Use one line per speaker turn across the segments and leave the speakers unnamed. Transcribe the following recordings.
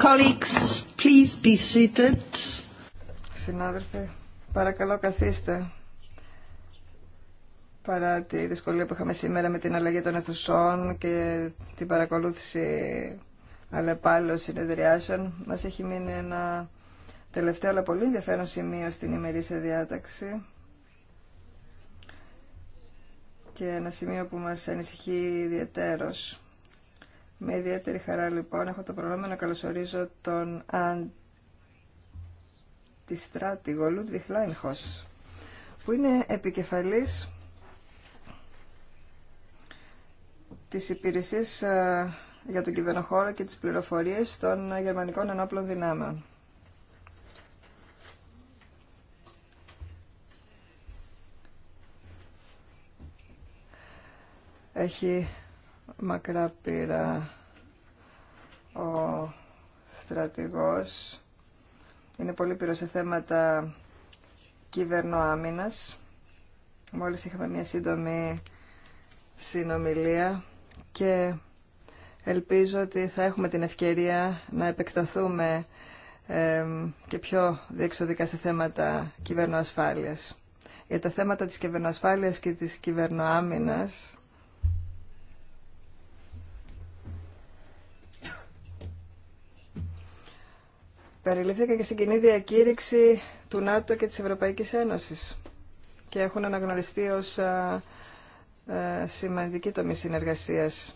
Colleagues, please be seated.
Συνάδελφοι, παρακαλώ καθίστε. Παρά τη δυσκολία που είχαμε σήμερα με την αλλαγή των αιθουσών και την παρακολούθηση αλλεπάλληλων συνεδριάσεων, μας έχει μείνει ένα τελευταίο αλλά πολύ ενδιαφέρον σημείο στην ημερήσια διάταξη και ένα σημείο που μας ανησυχεί ιδιαίτερος. Με ιδιαίτερη χαρά λοιπόν έχω το προνόμιο να καλωσορίζω τον αντιστράτηγο Λούντβιχ Λάινχος που είναι επικεφαλής της υπηρεσίας ε, για τον κυβερνοχώρο και τις πληροφορίες των γερμανικών ενόπλων δυνάμεων. Έχει μακρά πείρα ο στρατηγός. Είναι πολύ πύρο σε θέματα κυβερνοάμυνας. Μόλις είχαμε μια σύντομη συνομιλία και ελπίζω ότι θα έχουμε την ευκαιρία να επεκταθούμε και πιο διεξοδικά σε θέματα κυβερνοασφάλειας. Για τα θέματα της κυβερνοασφάλειας και της κυβερνοάμυνας Περιλήθηκα και στην κοινή διακήρυξη του ΝΑΤΟ και της Ευρωπαϊκής Ένωσης και έχουν αναγνωριστεί ως α, ε, α, ε, σημαντική τομή συνεργασίας.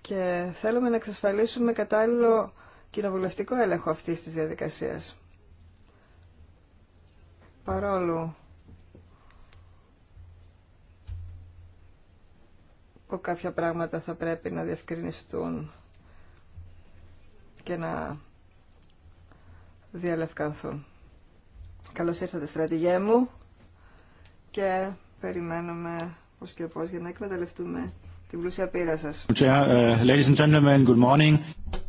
Και θέλουμε να εξασφαλίσουμε κατάλληλο κοινοβουλευτικό έλεγχο αυτής της διαδικασίας. Παρόλο που κάποια πράγματα θα πρέπει να διευκρινιστούν και να διαλευκανθούν. Καλώς ήρθατε στρατηγέ μου και περιμένουμε
πώς και πώς για να εκμεταλλευτούμε την πλούσια πείρα σας.
Uh,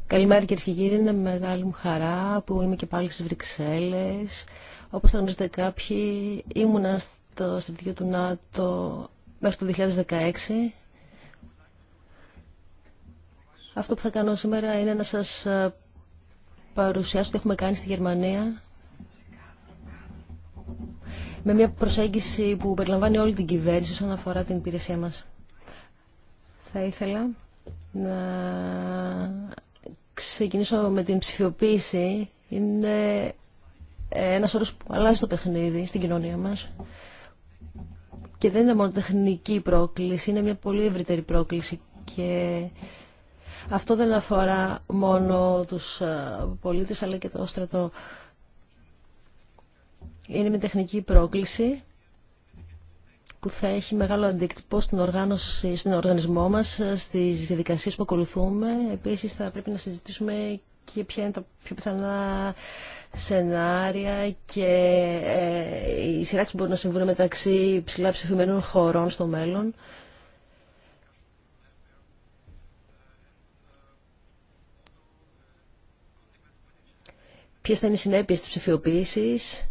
Καλημέρα κύριε και κύριοι, είναι μεγάλη μου χαρά που είμαι και πάλι στις Βρυξέλλες. Όπως θα γνωρίζετε κάποιοι, ήμουνα στο στρατηγείο του ΝΑΤΟ μέχρι το 2016 αυτό που θα κάνω σήμερα είναι να σας ε, παρουσιάσω τι έχουμε κάνει στη Γερμανία με μια προσέγγιση που περιλαμβάνει όλη την κυβέρνηση όσον αφορά την υπηρεσία μας. Θα ήθελα να ξεκινήσω με την ψηφιοποίηση. Είναι ένας όρος που αλλάζει το παιχνίδι στην κοινωνία μας. Και δεν είναι μόνο τεχνική πρόκληση, είναι μια πολύ ευρύτερη πρόκληση και αυτό δεν αφορά μόνο τους ε, πολίτες αλλά και το στρατό. Είναι μια τεχνική πρόκληση που θα έχει μεγάλο αντίκτυπο στην οργάνωση, στον οργανισμό μας, ε, στις διαδικασίες που ακολουθούμε. Επίσης θα πρέπει να συζητήσουμε και ποια είναι τα πιο πιθανά σενάρια και οι ε, σειράξεις που μπορούν να συμβούν μεταξύ ψηλά ψηφιμένων χωρών στο μέλλον. ποιε θα είναι οι συνέπειε τη ψηφιοποίησης.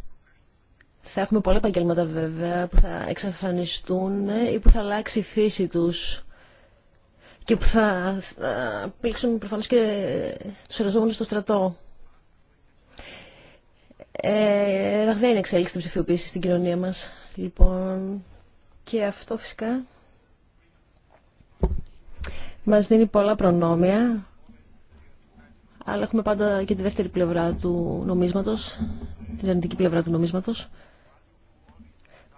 Θα έχουμε πολλά επαγγέλματα βέβαια που θα εξαφανιστούν ή που θα αλλάξει η φύση τους και που θα, πλήξουν προφανώς και του εργαζόμενου στο στρατό. Ε, ραγδαία είναι εξέλιξη τη ψηφιοποίηση στην κοινωνία μας. Λοιπόν, και αυτό φυσικά μας δίνει πολλά προνόμια αλλά έχουμε πάντα και τη δεύτερη πλευρά του νομίσματος, την αρνητική πλευρά του νομίσματος.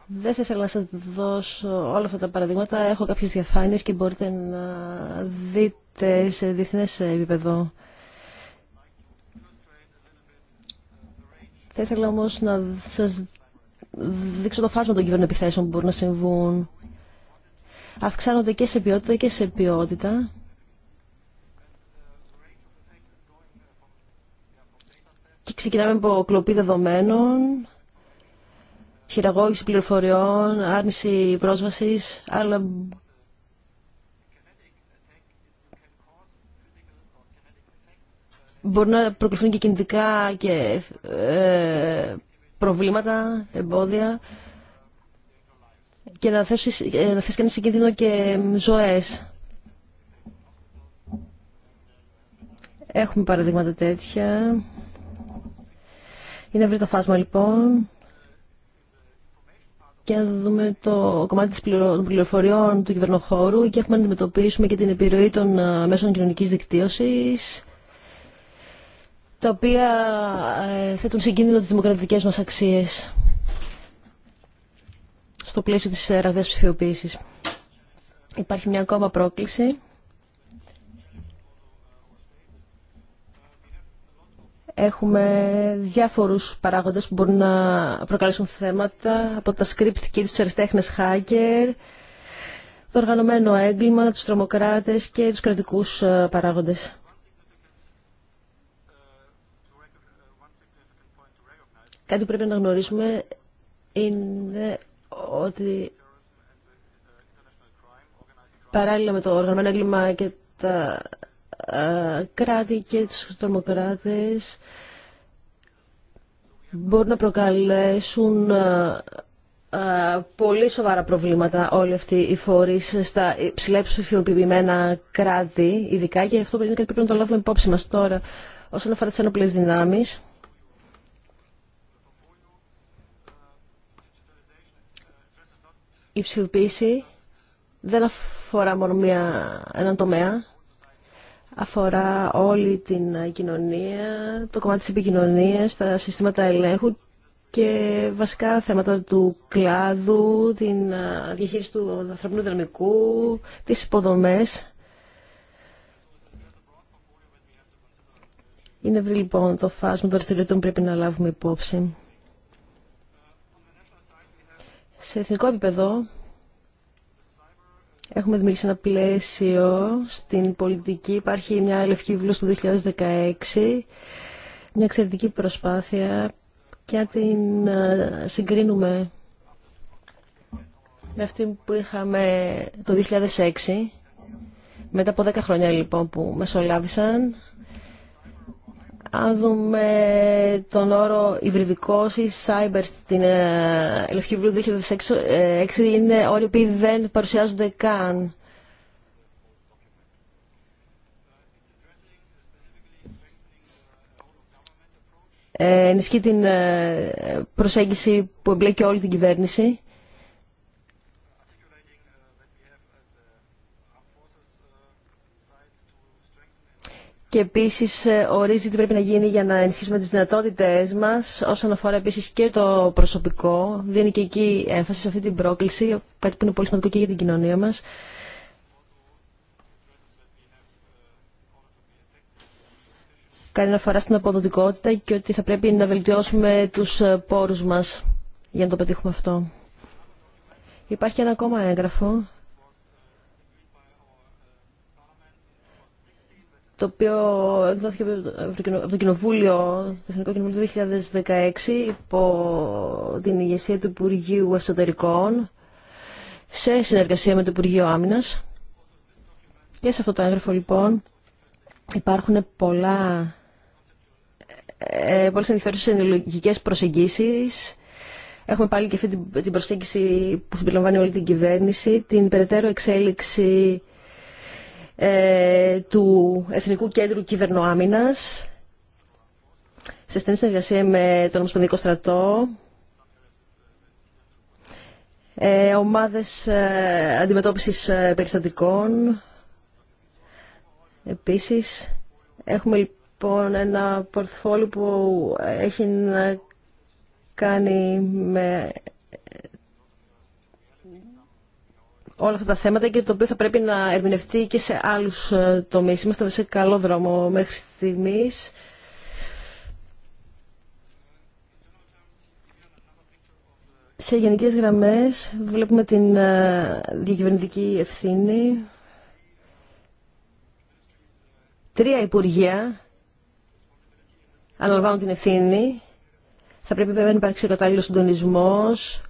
Δεν θα ήθελα να σα δώσω όλα αυτά τα παραδείγματα. Έχω κάποιες διαφάνειες και μπορείτε να δείτε σε διεθνέ επίπεδο. Θα ήθελα όμως να σας δείξω το φάσμα των κυβερνοεπιθέσεων που μπορούν να συμβούν. Αυξάνονται και σε ποιότητα και σε ποιότητα. Και ξεκινάμε από κλοπή δεδομένων, χειραγώγηση πληροφοριών, άρνηση πρόσβασης, αλλά μπορεί να προκληθούν και κινητικά και ε, προβλήματα, εμπόδια και να θέσει, ε, να θέσει κανείς σε κίνδυνο και ζωές. Έχουμε παραδείγματα τέτοια. Είναι ευρύ το φάσμα λοιπόν. Και να δούμε το κομμάτι των πληροφοριών του κυβερνοχώρου. και έχουμε να αντιμετωπίσουμε και την επιρροή των μέσων κοινωνικής δικτύωσης τα οποία ε, θέτουν σε τις δημοκρατικές μας αξίες στο πλαίσιο της ε, ραγδαίας ψηφιοποίησης. Υπάρχει μια ακόμα πρόκληση Έχουμε διάφορους παράγοντες που μπορούν να προκαλέσουν θέματα, από τα script και τους αριστέχνες hacker, το οργανωμένο έγκλημα, τους τρομοκράτες και τους κρατικούς ε, παράγοντες. Κάτι που πρέπει να γνωρίσουμε είναι ότι παράλληλα με το οργανωμένο έγκλημα και τα ε, κράτη και τους τρομοκράτες μπορούν να προκαλέσουν ε, ε, πολύ σοβαρά προβλήματα όλοι αυτοί οι φορείς στα υψηλά ψηφιοποιημένα κράτη, ειδικά και αυτό είναι κάτι που πρέπει να το λάβουμε υπόψη μας τώρα όσον αφορά τις ενοπλές δυνάμεις. Η ψηφιοποίηση δεν αφορά μόνο μία, έναν τομέα, αφορά όλη την κοινωνία, το κομμάτι της επικοινωνίας, τα συστήματα ελέγχου και βασικά θέματα του κλάδου, την διαχείριση του ανθρώπινου δυναμικού, τις υποδομές. Είναι ευρύ λοιπόν το φάσμα των δραστηριοτήτων πρέπει να λάβουμε υπόψη. Σε εθνικό επίπεδο Έχουμε δημιουργήσει ένα πλαίσιο στην πολιτική. Υπάρχει μια λευκή βουλή του 2016, μια εξαιρετική προσπάθεια και αν την ε, συγκρίνουμε με αυτή που είχαμε το 2006, μετά από 10 χρόνια λοιπόν που μεσολάβησαν, αν δούμε τον όρο υβριδικός ή cyber στην ε, Λευκή Βουλή 2006, ε, είναι όροι που δεν παρουσιάζονται καν. Ε, ενισχύει την προσέγγιση που εμπλέκει όλη την κυβέρνηση. και επίσης ε, ορίζει τι πρέπει να γίνει για να ενισχύσουμε τις δυνατότητες μας όσον αφορά επίσης και το προσωπικό. Δίνει και εκεί έμφαση σε αυτή την πρόκληση, κάτι που είναι πολύ σημαντικό και για την κοινωνία μας. Κάνει αναφορά στην αποδοτικότητα και ότι θα πρέπει να βελτιώσουμε τους ε, πόρους μας για να το πετύχουμε αυτό. Υπάρχει ένα ακόμα έγγραφο το οποίο εκδόθηκε από το Κοινοβούλιο, Εθνικό Κοινοβούλιο του 2016, υπό την ηγεσία του Υπουργείου Εσωτερικών, σε συνεργασία με το Υπουργείο Άμυνας. Και σε αυτό το έγγραφο, λοιπόν, υπάρχουν πολλά, ε, ε πολλές ενδιαφέρουσες ενολογικές προσεγγίσεις. Έχουμε πάλι και αυτή την προσέγγιση που συμπεριλαμβάνει όλη την κυβέρνηση, την περαιτέρω εξέλιξη ε, του Εθνικού Κέντρου Κυβερνοάμυνας σε στενή συνεργασία με τον Ομοσπονδιακό Στρατό, ε, ομάδες ε, αντιμετώπισης ε, περιστατικών. Επίσης, έχουμε λοιπόν ένα πορτφόλι που έχει να κάνει με όλα αυτά τα θέματα και το οποίο θα πρέπει να ερμηνευτεί και σε άλλους ε, τομείς. Είμαστε σε καλό δρόμο μέχρι στιγμής. Σε γενικές γραμμές βλέπουμε την ε, διακυβερνητική ευθύνη. Τρία υπουργεία αναλαμβάνουν την ευθύνη. Θα πρέπει βέβαια να υπάρξει κατάλληλο συντονισμός,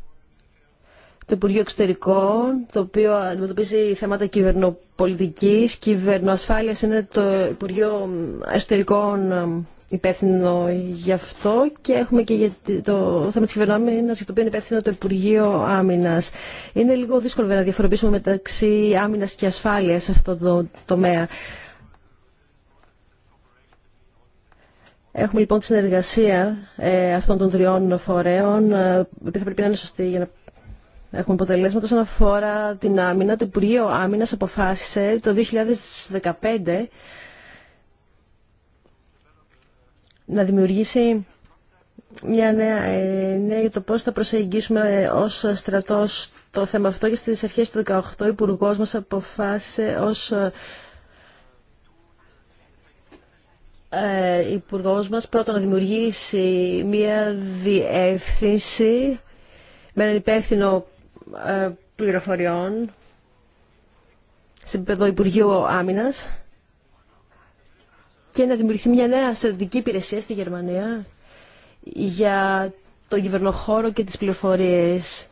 το Υπουργείο Εξωτερικών, το οποίο αντιμετωπίζει θέματα κυβερνοπολιτικής, κυβερνοασφάλειας είναι το Υπουργείο Εσωτερικών ε, υπεύθυνο γι' αυτό και έχουμε και για το θέμα της κυβερνοάμυνα, για το οποίο είναι υπεύθυνο το Υπουργείο Άμυνας. Είναι λίγο δύσκολο να διαφοροποιήσουμε μεταξύ άμυνας και ασφάλειας σε αυτό το τομέα. Έχουμε λοιπόν τη συνεργασία ε, αυτών των τριών φορέων, ε, που θα πρέπει να είναι σωστή για να έχουμε αποτελέσματα όσον αφορά την άμυνα. Το Υπουργείο Άμυνας αποφάσισε το 2015 να δημιουργήσει μια νέα ενέργεια για το πώς θα προσεγγίσουμε ως στρατός το θέμα αυτό και στις αρχές του 2018 ο υπουργό μας αποφάσισε ως ε, υπουργό μας πρώτα να δημιουργήσει μια διεύθυνση με έναν υπεύθυνο ε, πληροφοριών σε επίπεδο Υπουργείου Άμυνα και να δημιουργηθεί μια νέα στρατιωτική υπηρεσία στη Γερμανία για το κυβερνοχώρο και τις πληροφορίες.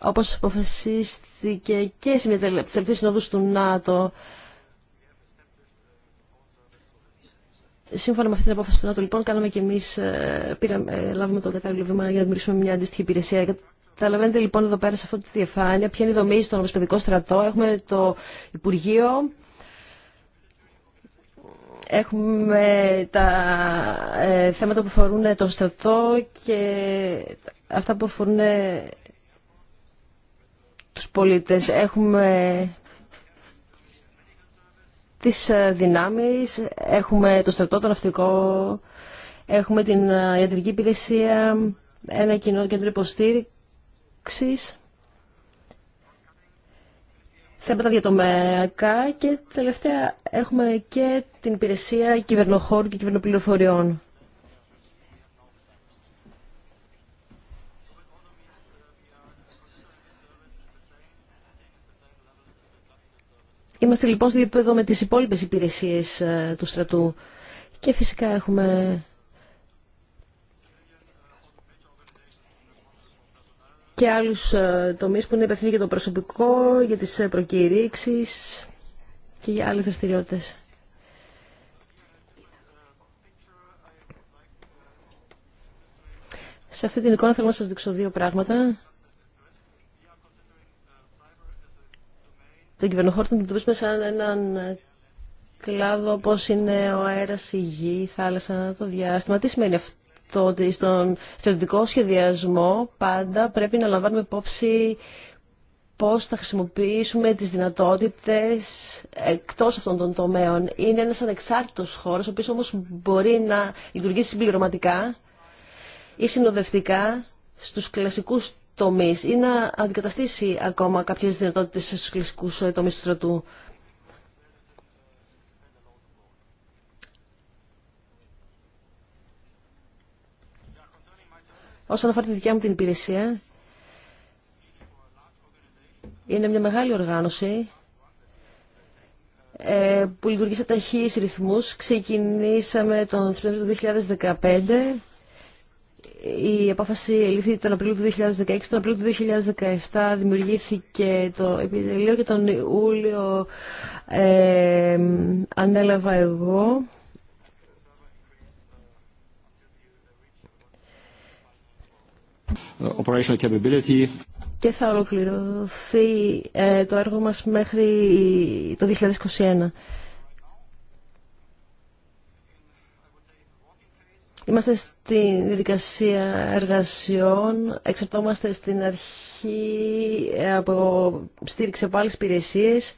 Όπως αποφασίστηκε και στις τελευταίες συνόδους του ΝΑΤΟ, Σύμφωνα με αυτή την απόφαση του ΝΑΤΟ, λοιπόν, κάναμε και εμεί, ε, ε, λάβαμε το κατάλληλο βήμα για να δημιουργήσουμε μια αντίστοιχη υπηρεσία Καταλαβαίνετε λοιπόν εδώ πέρα σε αυτή τη διαφάνεια ποια είναι η δομή στον Ομοσπονδικό Στρατό. Έχουμε το Υπουργείο, έχουμε τα ε, θέματα που αφορούν τον στρατό και αυτά που αφορούν τους πολίτες. Έχουμε τις δυνάμεις, έχουμε το στρατό, το ναυτικό, έχουμε την ε, ιατρική υπηρεσία, ένα κοινό κέντρο υποστήριξη θέματα διατομεακά και τελευταία έχουμε και την υπηρεσία κυβερνοχώρου και κυβερνοπληροφοριών. Είμαστε λοιπόν στο επίπεδο με τις υπόλοιπες υπηρεσίες ε, του στρατού και φυσικά έχουμε και άλλους ε, τομείς που είναι υπευθύνοι για το προσωπικό, για τις ε, προκηρύξεις και για άλλες δραστηριότητε. Σε αυτή την εικόνα θέλω να σας δείξω δύο πράγματα. Τον κυβερνοχώρο τον αντιμετωπίσουμε σαν έναν κλάδο όπως είναι ο αέρας, η γη, η θάλασσα, το διάστημα. Τι σημαίνει αυτό το ότι στον στρατιωτικό σχεδιασμό πάντα πρέπει να λαμβάνουμε υπόψη πώς θα χρησιμοποιήσουμε τις δυνατότητες εκτός αυτών των τομέων. Είναι ένας ανεξάρτητος χώρος, ο οποίος όμως μπορεί να λειτουργήσει συμπληρωματικά ή συνοδευτικά στους κλασικούς τομείς ή να αντικαταστήσει ακόμα κάποιες δυνατότητες στους κλασικούς ε, τομείς του στρατού. Όσον αφορά τη δικιά μου την υπηρεσία, είναι μια μεγάλη οργάνωση ε, που λειτουργεί σε ταχύς ρυθμούς. Ξεκινήσαμε τον Σεπτέμβριο του 2015. Η απόφαση λήφθη τον Απρίλιο του 2016. Τον Απρίλιο του 2017 δημιουργήθηκε το επιτελείο και τον Ιούλιο ε, ανέλαβα εγώ.
Uh, operational capability.
Και θα ολοκληρωθεί ε, το έργο μας μέχρι το 2021. Είμαστε στη διαδικασία εργασιών, εξαρτώμαστε στην αρχή ε, από στήριξη από άλλες υπηρεσίες.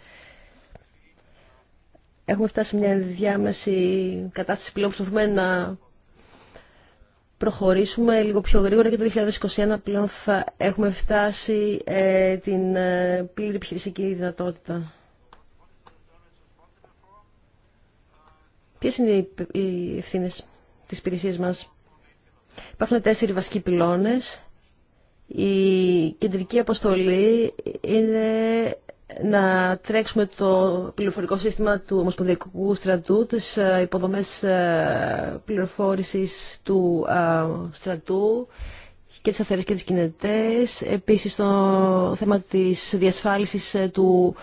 Έχουμε φτάσει σε μια διάμεση κατάσταση που να προχωρήσουμε λίγο πιο γρήγορα και το 2021 πλέον θα έχουμε φτάσει ε, την ε, πλήρη επιχειρησική δυνατότητα. Ποιες είναι οι, οι ευθύνες της υπηρεσία μας. Υπάρχουν τέσσερις βασικοί πυλώνες. Η κεντρική αποστολή είναι να τρέξουμε το πληροφορικό σύστημα του Ομοσπονδιακού Στρατού, τις ε, υποδομές ε, πληροφόρησης του ε, στρατού και τις αφαιρές και τις κινητές. Επίσης, το θέμα της διασφάλισης του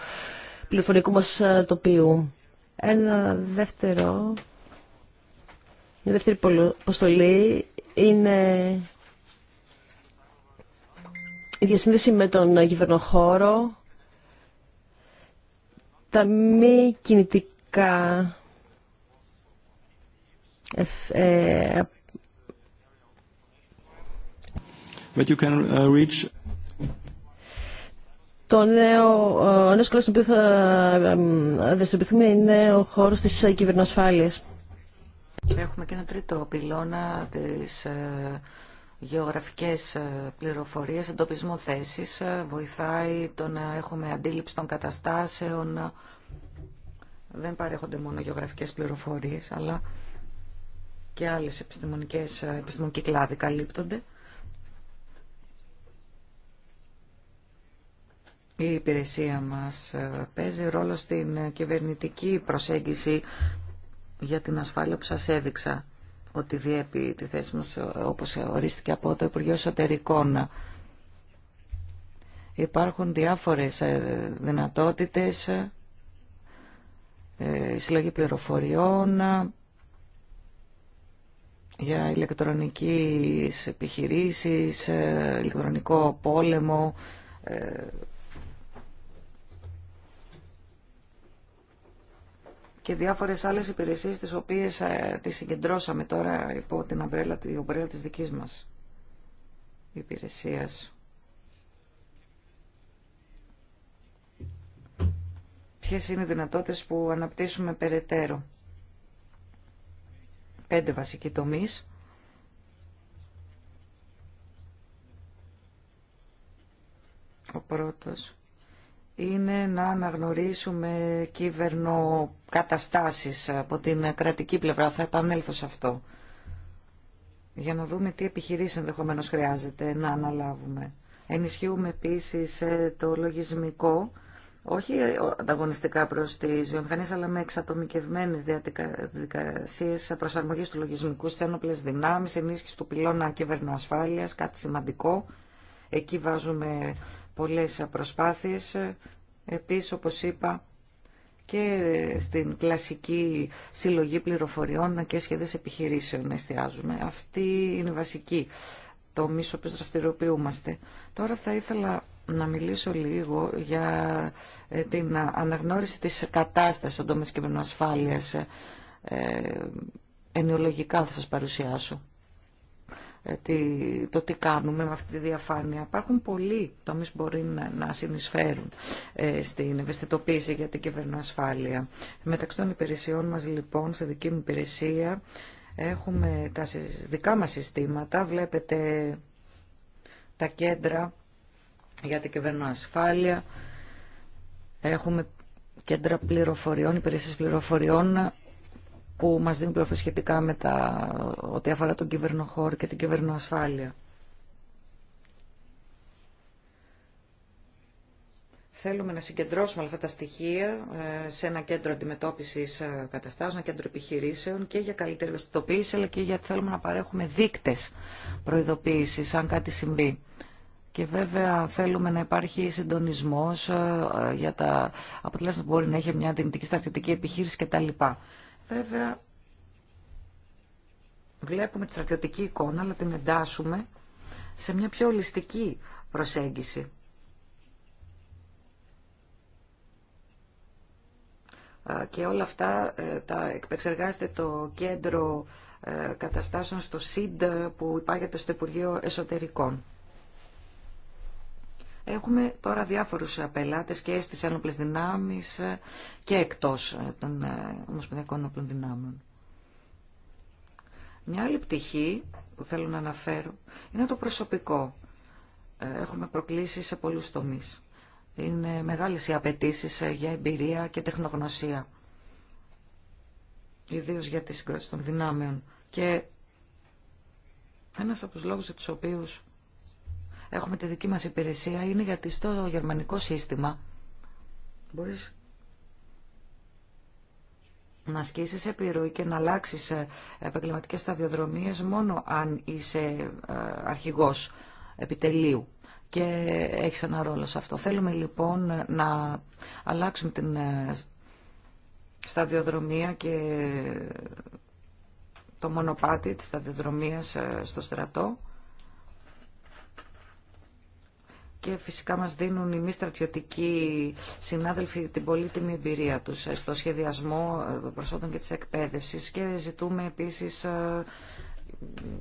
πληροφορικού μας τοπίου. Ένα δεύτερο, μια δεύτερη αποστολή είναι η διασύνδεση με τον κυβερνοχώρο τα μη κινητικά ε,
But you can uh, reach...
Το νέο, ο νέος που θα είναι ο χώρος της ε, κυβερνοασφάλειας.
Έχουμε και ένα τρίτο πυλώνα της ε, γεωγραφικές ε, πληροφορίες, εντοπισμό θέσης, ε, βοηθάει το να έχουμε αντίληψη των καταστάσεων. Δεν παρέχονται μόνο γεωγραφικές πληροφορίες, αλλά και άλλες επιστημονικές, ε, επιστημονικοί κλάδοι καλύπτονται. Η υπηρεσία μας παίζει ρόλο στην κυβερνητική προσέγγιση για την ασφάλεια που σας έδειξα ότι διέπει τη θέση μας όπως ορίστηκε από το Υπουργείο Εσωτερικών. Υπάρχουν διάφορες ε, δυνατότητες, ε, συλλογή πληροφοριών, ε, για ηλεκτρονικές επιχειρήσεις, ηλεκτρονικό πόλεμο, και διάφορες άλλες υπηρεσίες τις οποίες ε, τις συγκεντρώσαμε τώρα υπό την ομπρέλα, την ομπρέλα της δικής μας υπηρεσίας. Ποιες είναι οι δυνατότητες που αναπτύσσουμε περαιτέρω. Πέντε βασικοί τομείς. Ο πρώτος είναι να αναγνωρίσουμε καταστάσεις από την κρατική πλευρά. Θα επανέλθω σε αυτό. Για να δούμε τι επιχειρήσεις ενδεχομένω χρειάζεται να αναλάβουμε. Ενισχύουμε επίσης ε, το λογισμικό, όχι ε, ανταγωνιστικά προς τις βιομηχανίες, αλλά με εξατομικευμένες διαδικασίες προσαρμογής του λογισμικού στις ένοπλες δυνάμεις, ενίσχυση του πυλώνα κυβερνοασφάλειας, κάτι σημαντικό. Εκεί βάζουμε πολλές προσπάθειες. Επίσης, όπως είπα, και στην κλασική συλλογή πληροφοριών και σχέδες επιχειρήσεων εστιάζουμε. Αυτή είναι η βασική τομή που δραστηριοποιούμαστε. Τώρα θα ήθελα να μιλήσω λίγο για ε, την αναγνώριση της κατάστασης των τομέας και ασφάλειας. Ε, θα σας παρουσιάσω το τι κάνουμε με αυτή τη διαφάνεια. Υπάρχουν πολλοί τομείς που μπορεί να συνεισφέρουν ε, στην ευαισθητοποίηση για την κυβερνοασφάλεια. Μεταξύ των υπηρεσιών μας λοιπόν, στη δική μου υπηρεσία, έχουμε τα δικά μας συστήματα. Βλέπετε τα κέντρα για την κυβερνοασφάλεια. Έχουμε κέντρα πληροφοριών, υπηρεσίες πληροφοριών που μας δίνουν πληροφορίες σχετικά με τα, ό,τι αφορά τον κυβερνοχώρο και την κυβερνοασφάλεια. Θέλουμε να συγκεντρώσουμε αυτά τα στοιχεία ε, σε ένα κέντρο αντιμετώπιση ε, καταστάσεων, ένα κέντρο επιχειρήσεων και για καλύτερη ευαισθητοποίηση, αλλά και γιατί θέλουμε να παρέχουμε δείκτε προειδοποίηση αν κάτι συμβεί. Και βέβαια θέλουμε να υπάρχει συντονισμό ε, για τα αποτελέσματα που μπορεί να έχει μια δυνητική στρατιωτική επιχείρηση κτλ. Βέβαια, βλέπουμε τη στρατιωτική εικόνα, αλλά την εντάσσουμε σε μια πιο ολιστική προσέγγιση. Και όλα αυτά ε, τα εκπεξεργάζεται το κέντρο ε, καταστάσεων στο ΣΥΝΤ που υπάγεται στο Υπουργείο Εσωτερικών. Έχουμε τώρα διάφορους ε, πελάτες και στις ένοπλες δυνάμεις ε, και εκτός ε, των ομοσπονδιακών ενόπλων δυνάμεων. Μια άλλη πτυχή που θέλω να αναφέρω είναι το προσωπικό. Έχουμε προκλήσει σε πολλούς τομείς. Είναι μεγάλες οι απαιτήσει για εμπειρία και τεχνογνωσία. Ιδίω για τη συγκρότηση των δυνάμεων. Και ένας από τους λόγους για τους οποίους έχουμε τη δική μας υπηρεσία είναι γιατί στο γερμανικό σύστημα μπορείς να ασκήσεις επιρροή και να αλλάξεις ε, επαγγελματικές σταδιοδρομίες μόνο αν είσαι ε, αρχηγός επιτελείου και έχεις ένα ρόλο σε αυτό. Θέλουμε λοιπόν να αλλάξουμε την ε, σταδιοδρομία και το μονοπάτι της σταδιοδρομίας στο στρατό και φυσικά μας δίνουν οι μη στρατιωτικοί συνάδελφοι την πολύτιμη εμπειρία τους στο σχεδιασμό προσόντων και της εκπαίδευσης και ζητούμε επίσης ε,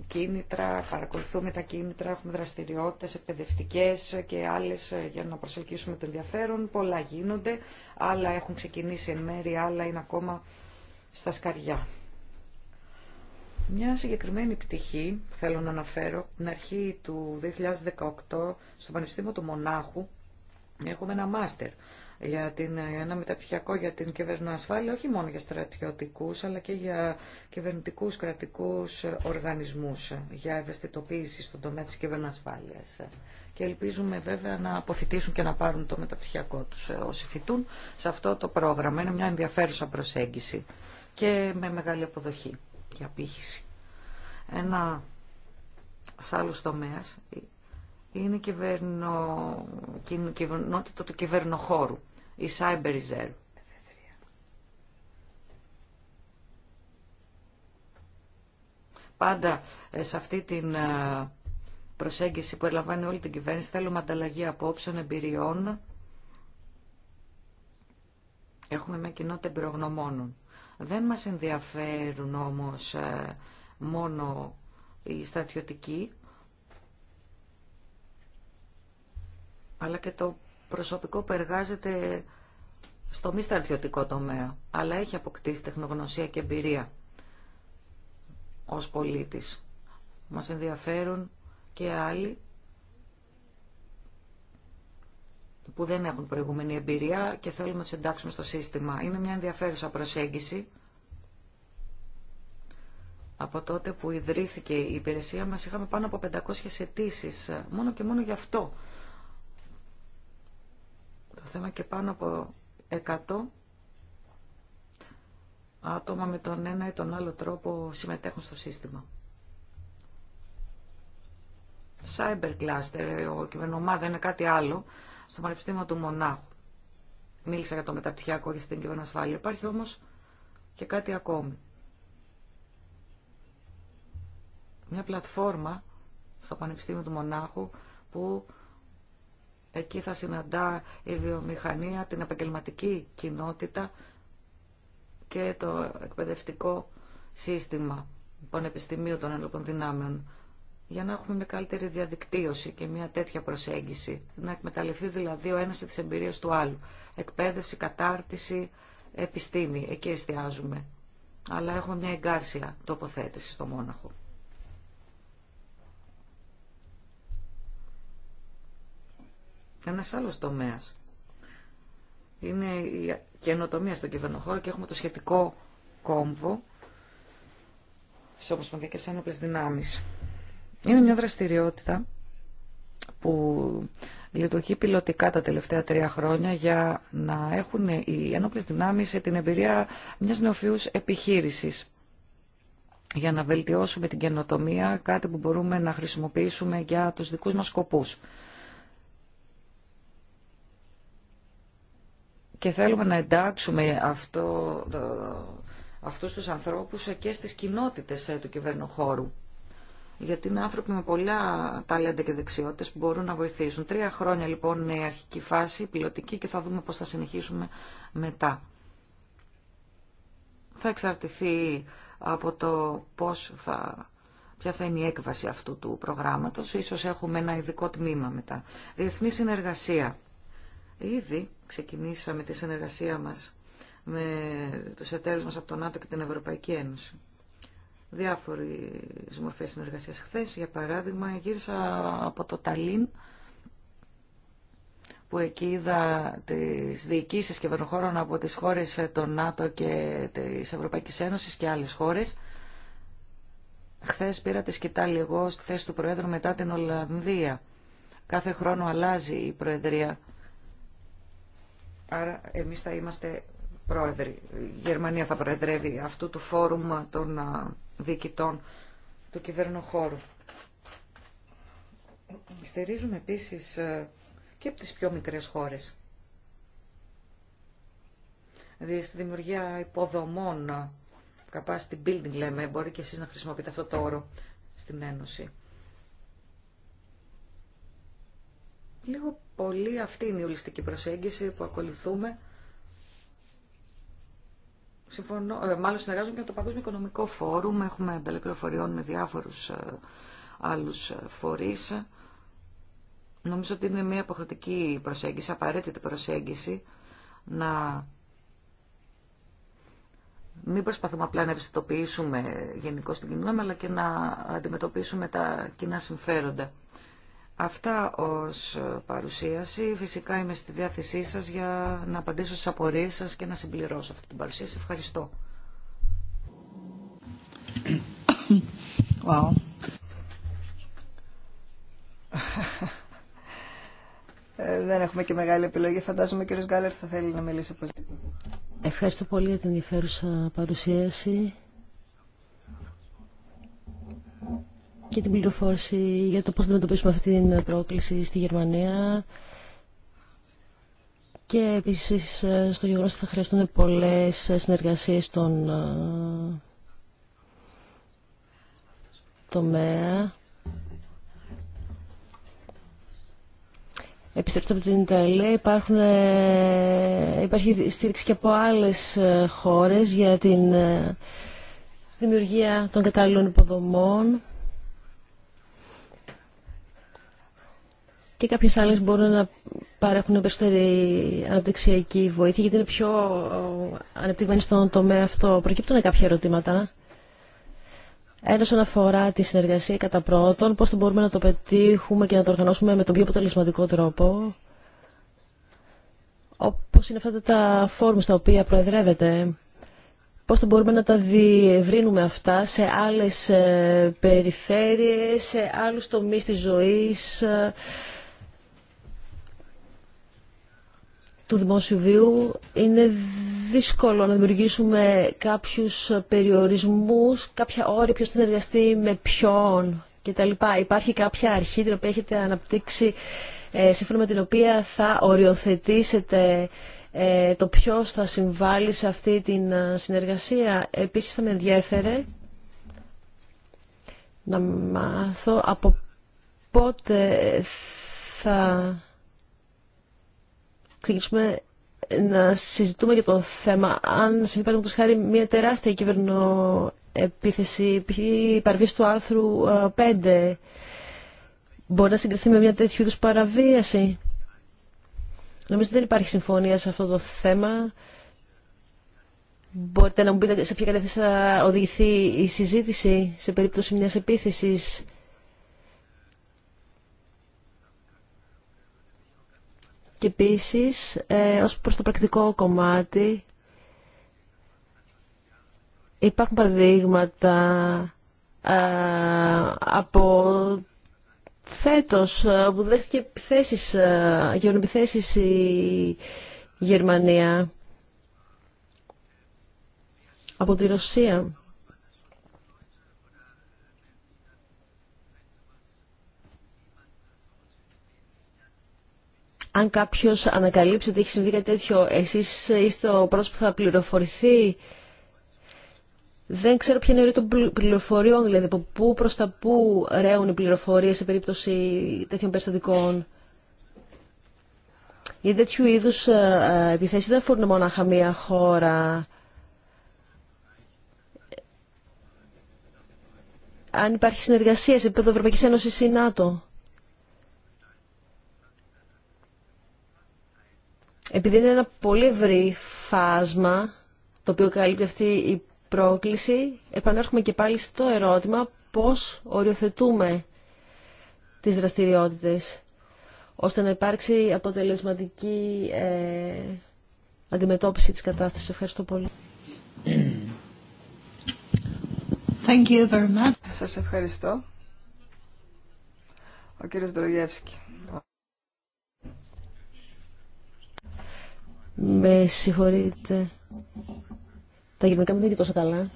κίνητρα, παρακολουθούμε τα κίνητρα, έχουμε δραστηριότητες εκπαιδευτικέ και άλλες ε, για να προσελκύσουμε το ενδιαφέρον. Πολλά γίνονται, άλλα έχουν ξεκινήσει εν μέρη, άλλα είναι ακόμα στα σκαριά. Μια συγκεκριμένη πτυχή θέλω να αναφέρω, την αρχή του 2018 στο Πανεπιστήμιο του Μονάχου έχουμε ένα μάστερ για την, ένα μεταπτυχιακό για την κυβερνοασφάλεια, όχι μόνο για στρατιωτικούς, αλλά και για κυβερνητικούς κρατικούς οργανισμούς, για ευαισθητοποίηση στον τομέα της κυβερνοασφάλειας. Και ελπίζουμε βέβαια να αποφυτίσουν και να πάρουν το μεταπτυχιακό τους ε, όσοι φοιτούν σε αυτό το πρόγραμμα. Είναι μια ενδιαφέρουσα προσέγγιση και με μεγάλη αποδοχή για Ένα άλλο τομέα είναι κυβερνο... κυβερνότητα του κυβερνοχώρου, η Cyber Reserve. Πάντα ε, σε αυτή την ε, προσέγγιση που ελαμβάνει όλη την κυβέρνηση θέλουμε ανταλλαγή απόψεων, εμπειριών. Έχουμε μια κοινότητα εμπειρογνωμόνων. Δεν μας ενδιαφέρουν όμως ε, μόνο οι στρατιωτικοί, αλλά και το προσωπικό που εργάζεται στο μη στρατιωτικό τομέα, αλλά έχει αποκτήσει τεχνογνωσία και εμπειρία ως πολίτης. Μας ενδιαφέρουν και άλλοι που δεν έχουν προηγούμενη εμπειρία και θέλουμε να τους εντάξουμε στο σύστημα. Είναι μια ενδιαφέρουσα προσέγγιση. Από τότε που ιδρύθηκε η υπηρεσία μας είχαμε πάνω από 500 αιτήσει, μόνο και μόνο γι' αυτό. Το θέμα και πάνω από 100 άτομα με τον ένα ή τον άλλο τρόπο συμμετέχουν στο σύστημα. Cyber cluster, ο κυβερνομάδα είναι κάτι άλλο στο Πανεπιστήμιο του Μονάχου. Μίλησα για το μεταπτυχιακό και στην κυβερνοασφάλεια. Υπάρχει όμως και κάτι ακόμη. Μια πλατφόρμα στο Πανεπιστήμιο του Μονάχου που εκεί θα συναντά η βιομηχανία, την επαγγελματική κοινότητα και το εκπαιδευτικό σύστημα πανεπιστημίου των ελληνικών Δυνάμεων για να έχουμε μια καλύτερη διαδικτύωση και μια τέτοια προσέγγιση. Να εκμεταλλευτεί δηλαδή ο ένας τις εμπειρίες του άλλου. Εκπαίδευση, κατάρτιση, επιστήμη. Εκεί εστιάζουμε. Αλλά έχουμε μια εγκάρσια τοποθέτηση στο Μόναχο. Ένας άλλος τομέας είναι η καινοτομία στον κυβερνοχώρο και έχουμε το σχετικό κόμβο στι ομοσπονδιακές άνοπλες δυνάμεις. Είναι μια δραστηριότητα που λειτουργεί πιλωτικά τα τελευταία τρία χρόνια για να έχουν οι ένοπλες δυνάμεις την εμπειρία μιας νεοφυούς επιχείρησης για να βελτιώσουμε την καινοτομία, κάτι που μπορούμε να χρησιμοποιήσουμε για τους δικούς μας σκοπούς. Και θέλουμε να εντάξουμε αυτό, αυτούς τους ανθρώπους και στις κοινότητες του κυβερνοχώρου γιατί είναι άνθρωποι με πολλά ταλέντα και δεξιότητες που μπορούν να βοηθήσουν. Τρία χρόνια λοιπόν είναι η αρχική φάση, η πιλωτική και θα δούμε πώς θα συνεχίσουμε μετά. Θα εξαρτηθεί από το πώς θα, ποια θα είναι η έκβαση αυτού του προγράμματος. Ίσως έχουμε ένα ειδικό τμήμα μετά. Διεθνή συνεργασία. Ήδη ξεκινήσαμε τη συνεργασία μας με τους εταίρους μας από τον ΝΑΤΟ και την Ευρωπαϊκή Ένωση διάφορες μορφές συνεργασίας. Χθες, για παράδειγμα, γύρισα από το Ταλίν, που εκεί είδα τις διοικήσεις κυβερνοχώρων από τις χώρες των ΝΑΤΟ και της Ευρωπαϊκής Ένωσης και άλλες χώρες. Χθες πήρα τη σκητάλη εγώ στη θέση του Προέδρου μετά την Ολλανδία. Κάθε χρόνο αλλάζει η Προεδρία. Άρα εμείς θα είμαστε Προέδρη, Η Γερμανία θα προεδρεύει αυτού του φόρουμ των διοικητών του κυβερνοχώρου. Στηρίζουμε επίσης και από τις πιο μικρές χώρες. Δηλαδή στη δημιουργία υποδομών, capacity building λέμε, μπορεί και εσείς να χρησιμοποιείτε αυτό το όρο στην Ένωση. Λίγο πολύ αυτή είναι η ολιστική προσέγγιση που ακολουθούμε ε, μάλλον συνεργάζομαι και με το Παγκόσμιο Οικονομικό Φόρουμ. Έχουμε ανταλλαγή με διάφορου ε, άλλου ε, φορεί. Νομίζω ότι είναι μια υποχρεωτική προσέγγιση, απαραίτητη προσέγγιση, να μην προσπαθούμε απλά να ευαισθητοποιήσουμε γενικώ την κοινωνία, αλλά και να αντιμετωπίσουμε τα κοινά συμφέροντα. Αυτά ως ε, παρουσίαση. Φυσικά είμαι στη διάθεσή σας για να απαντήσω στις απορίες σας και να συμπληρώσω αυτή την παρουσίαση. Ευχαριστώ.
Wow. Ε, δεν έχουμε και μεγάλη επιλογή. Φαντάζομαι ο κύριος Γκάλερ θα θέλει να μιλήσει
Ευχαριστώ πολύ για την ενδιαφέρουσα παρουσίαση. και την πληροφόρηση για το πώς αντιμετωπίσουμε αυτή την πρόκληση στη Γερμανία και επίσης ε, στο γεγονός ότι θα χρειαστούν πολλές συνεργασίες στον ε, τομέα. Επιστρέψτε από την Ιταλία. Υπάρχουν, ε, υπάρχει στήριξη και από άλλες χώρες για την δημιουργία των κατάλληλων υποδομών. και κάποιε άλλε μπορούν να παρέχουν περισσότερη αναπτυξιακή βοήθεια γιατί είναι πιο ε, ανεπτυγμένοι στον τομέα αυτό. Προκύπτουν κάποια ερωτήματα. Ένα αφορά τη συνεργασία κατά πρώτον, πώ θα μπορούμε να το πετύχουμε και να το οργανώσουμε με τον πιο αποτελεσματικό τρόπο. όπω είναι αυτά τα φόρμ στα οποία προεδρεύεται. Πώς θα μπορούμε να τα διευρύνουμε αυτά σε άλλες ε, περιφέρειες, σε άλλους τομείς της ζωής, ε, του δημόσιου είναι δύσκολο να δημιουργήσουμε κάποιους περιορισμούς, κάποια όρια, ποιος συνεργαστεί με ποιον κτλ. Υπάρχει κάποια αρχή την οποία έχετε αναπτύξει ε, σύμφωνα με την οποία θα οριοθετήσετε ε, το ποιος θα συμβάλλει σε αυτή την ε, συνεργασία. Επίσης θα με ενδιέφερε να μάθω από πότε θα ξεκινήσουμε να συζητούμε για το θέμα. Αν συμβεί τους χάρη μια τεράστια κυβερνοεπίθεση, επίθεση, η παραβίαση του άρθρου 5, ε, μπορεί να συγκριθεί με μια τέτοιου είδους παραβίαση. Νομίζω ότι δεν υπάρχει συμφωνία σε αυτό το θέμα. Μπορείτε να μου πείτε σε ποια κατεύθυνση θα οδηγηθεί η συζήτηση σε περίπτωση μιας επίθεσης. Και επίση, ε, ως προς το πρακτικό κομμάτι, υπάρχουν παραδείγματα ε, από φέτος ε, που δέχτηκε επιθέσεις, ε, γεωνοπιθέσεις η Γερμανία από τη Ρωσία. αν κάποιος ανακαλύψει ότι έχει συμβεί κάτι τέτοιο, εσείς είστε ο πρώτος που θα πληροφορηθεί. Δεν ξέρω ποια είναι η των πληροφοριών, δηλαδή από πού προς τα πού ρέουν οι πληροφορίες σε περίπτωση τέτοιων περιστατικών. Για τέτοιου είδους ε, ε, επιθέσεις δεν αφορούν μονάχα μία χώρα. Αν υπάρχει συνεργασία σε επίπεδο Ευρωπαϊκής Ένωσης ή ΝΑΤΟ. Επειδή είναι ένα πολύ ευρύ φάσμα το οποίο καλύπτει αυτή η πρόκληση, επανέρχομαι και πάλι στο ερώτημα πώς οριοθετούμε τις δραστηριότητες ώστε να υπάρξει αποτελεσματική ε, αντιμετώπιση της κατάστασης. Ευχαριστώ πολύ. Thank you very much.
Σας ευχαριστώ. Ο κύριος Δρογεύσκη.
Με συγχωρείτε. Τα γερμανικά μου δεν είναι τόσο καλά.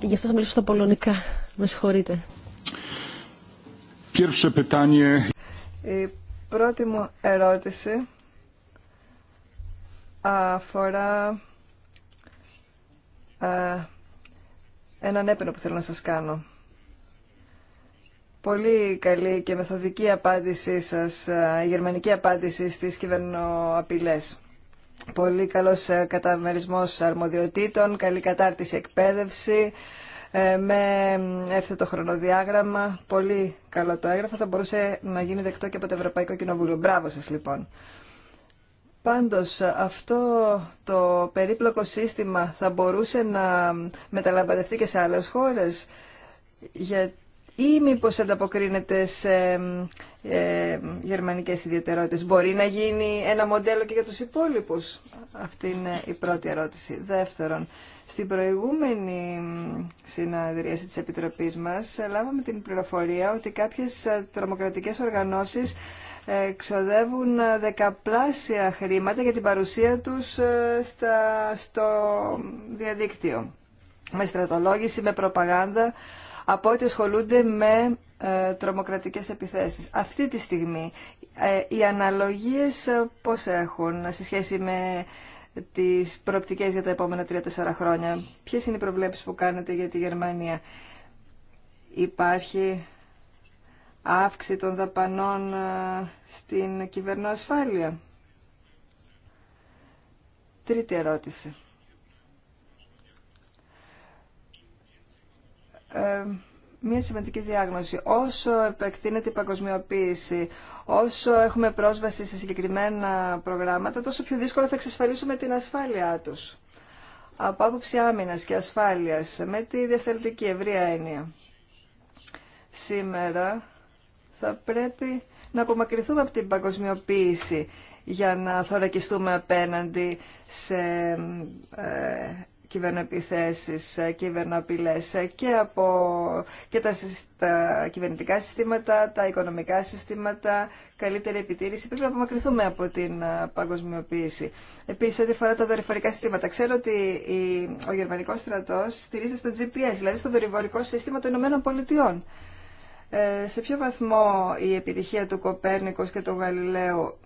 Γι' αυτό θα μιλήσω στα πολωνικά. Με συγχωρείτε.
Η πρώτη μου ερώτηση αφορά ε, έναν έπαινο που θέλω να σας κάνω πολύ καλή και μεθοδική απάντησή σας, ε, η γερμανική απάντηση στις κυβερνοαπειλές. Πολύ καλός ε, καταμερισμός αρμοδιοτήτων, καλή κατάρτιση εκπαίδευση, ε, με έφθετο χρονοδιάγραμμα. Πολύ καλό το έγγραφο. Θα μπορούσε να γίνει δεκτό και από το Ευρωπαϊκό Κοινοβούλιο. Μπράβο σας λοιπόν. Πάντως αυτό το περίπλοκο σύστημα θα μπορούσε να μεταλαμπαδευτεί και σε άλλες χώρες γιατί ή μήπω ανταποκρίνεται σε ε, γερμανικές ιδιαιτερότητες. Μπορεί να γίνει ένα μοντέλο και για τους υπόλοιπους. Αυτή είναι η πρώτη ερώτηση. Δεύτερον, στην προηγούμενη συνεδρίαση της Επιτροπής μας λάβαμε την πληροφορία ότι κάποιες ε, τρομοκρατικές οργανώσεις ε, ξοδεύουν ε, δεκαπλάσια χρήματα για την παρουσία τους στο διαδίκτυο. Με στρατολόγηση, με προπαγάνδα από ό,τι ασχολούνται με ε, τρομοκρατικές επιθέσεις. Αυτή τη στιγμή ε, οι αναλογίες ε, πώς έχουν σε σχέση με τις προοπτικές για τα επόμενα 3-4 χρόνια. Ποιες είναι οι προβλέψεις που κάνετε για τη Γερμανία. Υπάρχει αύξηση των δαπανών στην κυβερνοασφάλεια. Τρίτη ερώτηση. Ε, μια σημαντική διάγνωση. Όσο επεκτείνεται η παγκοσμιοποίηση, όσο έχουμε πρόσβαση σε συγκεκριμένα προγράμματα, τόσο πιο δύσκολο θα εξασφαλίσουμε την ασφάλειά τους. Από άποψη άμυνα και ασφάλειας, με τη διασταλτική ευρεία έννοια. Σήμερα θα πρέπει να απομακρυνθούμε από την παγκοσμιοποίηση για να θωρακιστούμε απέναντι σε ε, κυβερνοεπιθέσεις, ε, κυβερνοαπειλές ε, και από και τα, τα κυβερνητικά συστήματα, τα οικονομικά συστήματα, καλύτερη επιτήρηση. Πρέπει να απομακρυνθούμε από την ε, παγκοσμιοποίηση. Επίσης, ό,τι αφορά τα δορυφορικά συστήματα, ξέρω ότι η, ο γερμανικός στρατός στηρίζεται στο GPS, δηλαδή στο δορυφορικό σύστημα των Ηνωμένων Πολιτειών. σε ποιο βαθμό η επιτυχία του Κοπέρνικος και του Γαλιλαίου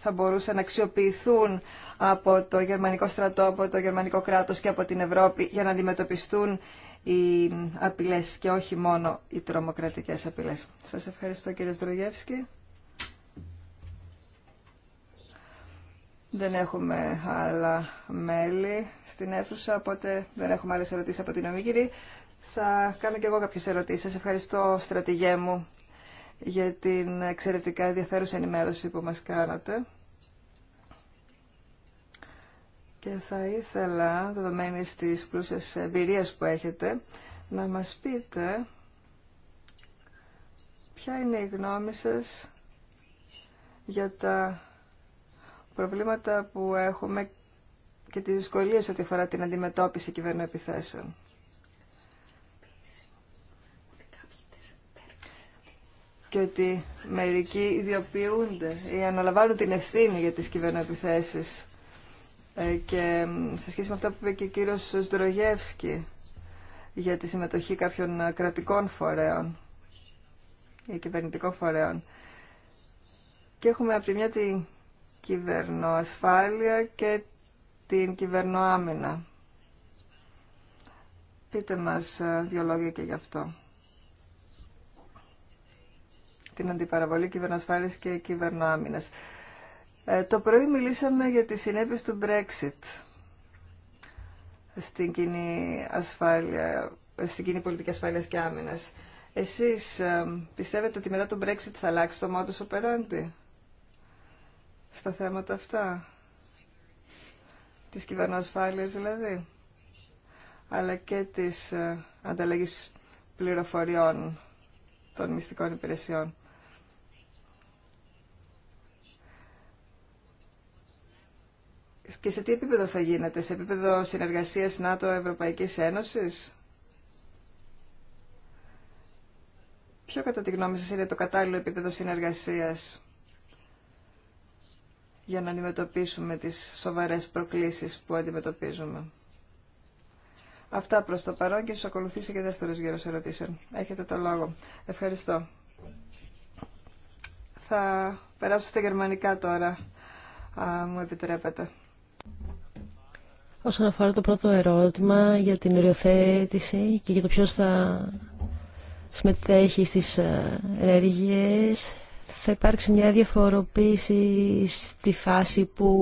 θα μπορούσαν να αξιοποιηθούν από το γερμανικό στρατό, από το γερμανικό κράτος και από την Ευρώπη για να αντιμετωπιστούν οι απειλές και όχι μόνο οι τρομοκρατικές απειλές. Σας ευχαριστώ κύριε Στρογεύσκη. Δεν έχουμε άλλα μέλη στην αίθουσα, οπότε δεν έχουμε άλλες ερωτήσεις από την ομίγυρη. Θα κάνω και εγώ κάποιες ερωτήσεις. Σας ευχαριστώ στρατηγέ μου για την εξαιρετικά ενδιαφέρουσα ενημέρωση που μας κάνατε. Και θα ήθελα, δεδομένη της πλούσιας εμπειρίας που έχετε, να μας πείτε ποια είναι η γνώμη σας για τα προβλήματα που έχουμε και τις δυσκολίες ό,τι αφορά την αντιμετώπιση επιθέσεων. Και ότι μερικοί ιδιοποιούνται ή αναλαμβάνουν την ευθύνη για τις κυβερνοεπιθέσεις ε, και σε σχέση με αυτά που είπε και ο κύριος Σδρογεύσκη για τη συμμετοχή κάποιων ε, κρατικών φορέων ή κυβερνητικών φορέων. Και έχουμε από τη μια την κυβερνοασφάλεια και την κυβερνοάμυνα. Πείτε μας ε, δύο λόγια και γι' αυτό. Την αντιπαραβολή κυβερνοασφάλειας και κυβερνοάμυνας. Ε, το πρωί μιλήσαμε για τις συνέπειες του Brexit στην κοινή, ασφάλεια, ε, στην κοινή πολιτική ασφάλειας και άμυνας. Εσείς ε, πιστεύετε ότι μετά το Brexit θα αλλάξει το modus operandi στα θέματα αυτά, της κυβερνοασφάλειας δηλαδή, αλλά και της ανταλλαγής πληροφοριών των μυστικών υπηρεσιών. και σε τι επίπεδο θα γίνεται, σε επίπεδο συνεργασίας ΝΑΤΟ-Ευρωπαϊκής Ένωσης. Ποιο κατά τη γνώμη σας είναι το κατάλληλο επίπεδο συνεργασίας για να αντιμετωπίσουμε τις σοβαρές προκλήσεις που αντιμετωπίζουμε. Αυτά προς το παρόν και σας ακολουθήσει και δεύτερος γύρος ερωτήσεων. Έχετε το λόγο. Ευχαριστώ. Θα περάσω στα γερμανικά τώρα, αν μου επιτρέπετε.
Όσον αφορά το πρώτο ερώτημα για την οριοθέτηση και για το ποιος θα συμμετέχει στις ε, ενέργειες, θα υπάρξει μια διαφοροποίηση στη φάση που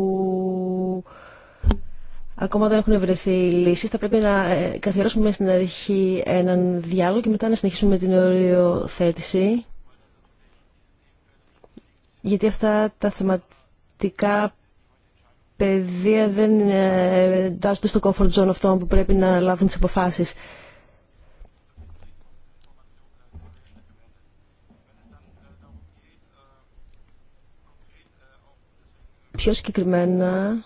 ακόμα δεν έχουν βρεθεί λύσεις. Θα πρέπει να ε, καθιερώσουμε στην αρχή έναν διάλογο και μετά να συνεχίσουμε με την οριοθέτηση. Γιατί αυτά τα θεματικά παιδεία δεν ε, εντάσσονται στο comfort zone αυτό που πρέπει να λάβουν τις αποφάσεις. Πιο συγκεκριμένα...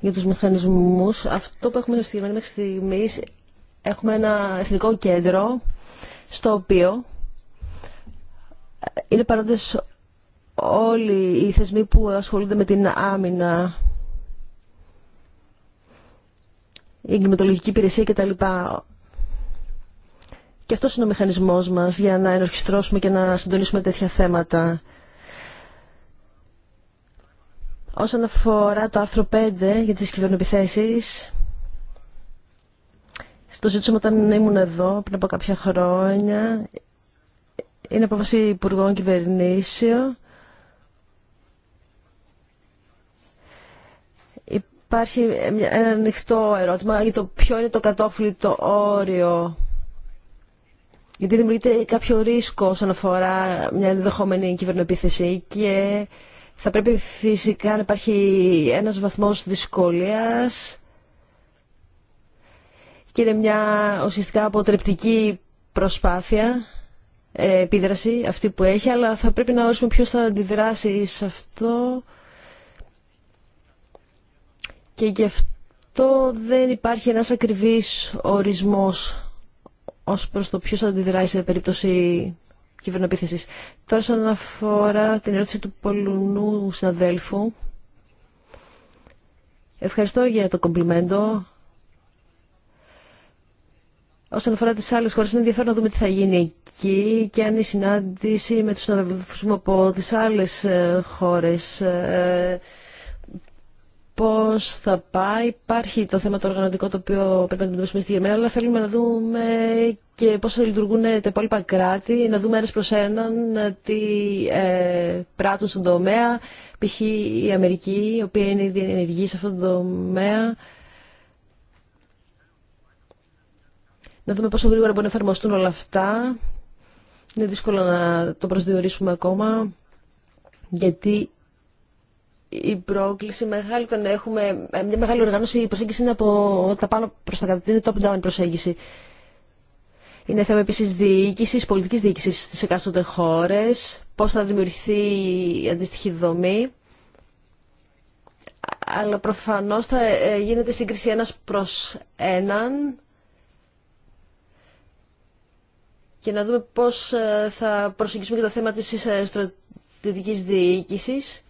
Για τους μηχανισμούς, αυτό που έχουμε στη μέχρι στιγμής, έχουμε ένα εθνικό κέντρο στο οποίο είναι παρόντες όλοι οι θεσμοί που ασχολούνται με την άμυνα, η εγκληματολογική υπηρεσία κτλ. Και αυτός είναι ο μηχανισμός μας για να ενορχιστρώσουμε και να συντονίσουμε τέτοια θέματα. Όσον αφορά το άρθρο 5 για τις κυβερνοεπιθέσεις, στο ζήτησαμε όταν ήμουν εδώ πριν από κάποια χρόνια, είναι απόφαση Υπουργών Κυβερνήσεων. Υπάρχει ένα ανοιχτό ερώτημα για το ποιο είναι το κατόφλητο όριο. Γιατί δημιουργείται κάποιο ρίσκο όσον αφορά μια ενδεχόμενη κυβερνοεπίθεση και θα πρέπει φυσικά να υπάρχει ένας βαθμός δυσκολίας και είναι μια ουσιαστικά αποτρεπτική προσπάθεια ε, επίδραση αυτή που έχει, αλλά θα πρέπει να ορίσουμε ποιος θα αντιδράσει σε αυτό και γι' αυτό δεν υπάρχει ένας ακριβής ορισμός ως προς το ποιος θα αντιδράσει σε περίπτωση κυβερνοεπίθεσης. Τώρα σαν αφορά την ερώτηση του Πολουνού συναδέλφου, ευχαριστώ για το κομπλιμέντο. Όσον αφορά τι άλλε χώρε, είναι ενδιαφέρον να δούμε τι θα γίνει εκεί και αν η συνάντηση με του συναδελφού μου από τι άλλε χώρε. Ε, Πώ θα πάει. Υπάρχει το θέμα το οργανωτικό το οποίο πρέπει να αντιμετωπίσουμε στη Γερμανία, αλλά θέλουμε να δούμε και πώς θα λειτουργούν τα υπόλοιπα κράτη, να δούμε ένας προς έναν τι ε, πράττουν στον τομέα. Π.χ. η Αμερική, η οποία είναι ήδη ενεργή σε αυτόν τον τομέα, να δούμε πόσο γρήγορα μπορεί να εφαρμοστούν όλα αυτά. Είναι δύσκολο να το προσδιορίσουμε ακόμα, γιατί η πρόκληση μεγάλη όταν έχουμε ε, μια μεγάλη οργάνωση, η προσέγγιση είναι από τα πάνω προς τα κάτω, είναι top-down προσέγγιση. Είναι θέμα επίσης διοίκησης, πολιτικής διοίκησης στις εκάστοτε χώρες, πώς θα δημιουργηθεί η αντίστοιχη δομή. Αλλά προφανώς θα ε, γίνεται σύγκριση ένας προς έναν και να δούμε πώς ε, θα προσεγγίσουμε και το θέμα της ε, στρατιωτικής διοίκησης.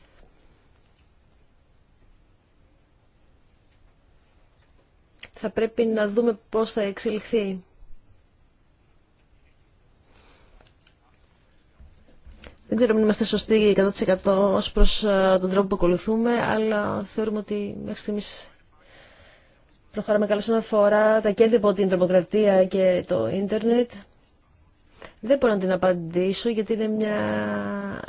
Θα πρέπει να δούμε πώς θα εξελιχθεί. Δεν ξέρω αν είμαστε σωστοί 100% ως προς ε, τον τρόπο που ακολουθούμε, αλλά θεωρούμε ότι μέχρι στιγμής προχωράμε καλά όσον αφορά τα κέρδη από την τρομοκρατία και το ίντερνετ. Δεν μπορώ να την απαντήσω γιατί είναι μια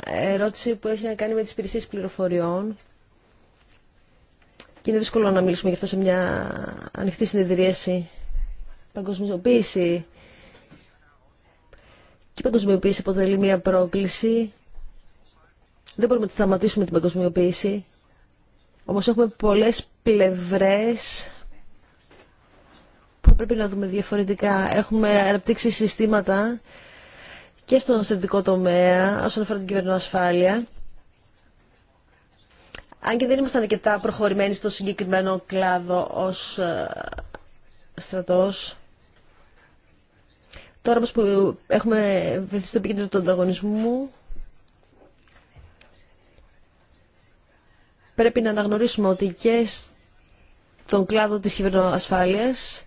ερώτηση που έχει να κάνει με τις υπηρεσίε πληροφοριών και είναι δύσκολο να μιλήσουμε γι' αυτό σε μια ανοιχτή συνεδρίαση. Παγκοσμιοποίηση. Και η παγκοσμιοποίηση αποτελεί μια πρόκληση. Δεν μπορούμε να σταματήσουμε την παγκοσμιοποίηση. Όμως έχουμε πολλές πλευρές που πρέπει να δούμε διαφορετικά. Έχουμε αναπτύξει συστήματα και στον αστυνομικό τομέα όσον αφορά την ασφάλεια. Αν και δεν ήμασταν αρκετά προχωρημένοι στο συγκεκριμένο κλάδο ως ε, στρατός. Τώρα όμως που έχουμε βρεθεί στο επίκεντρο του ανταγωνισμού, πρέπει να αναγνωρίσουμε ότι και στον κλάδο της κυβερνοασφάλειας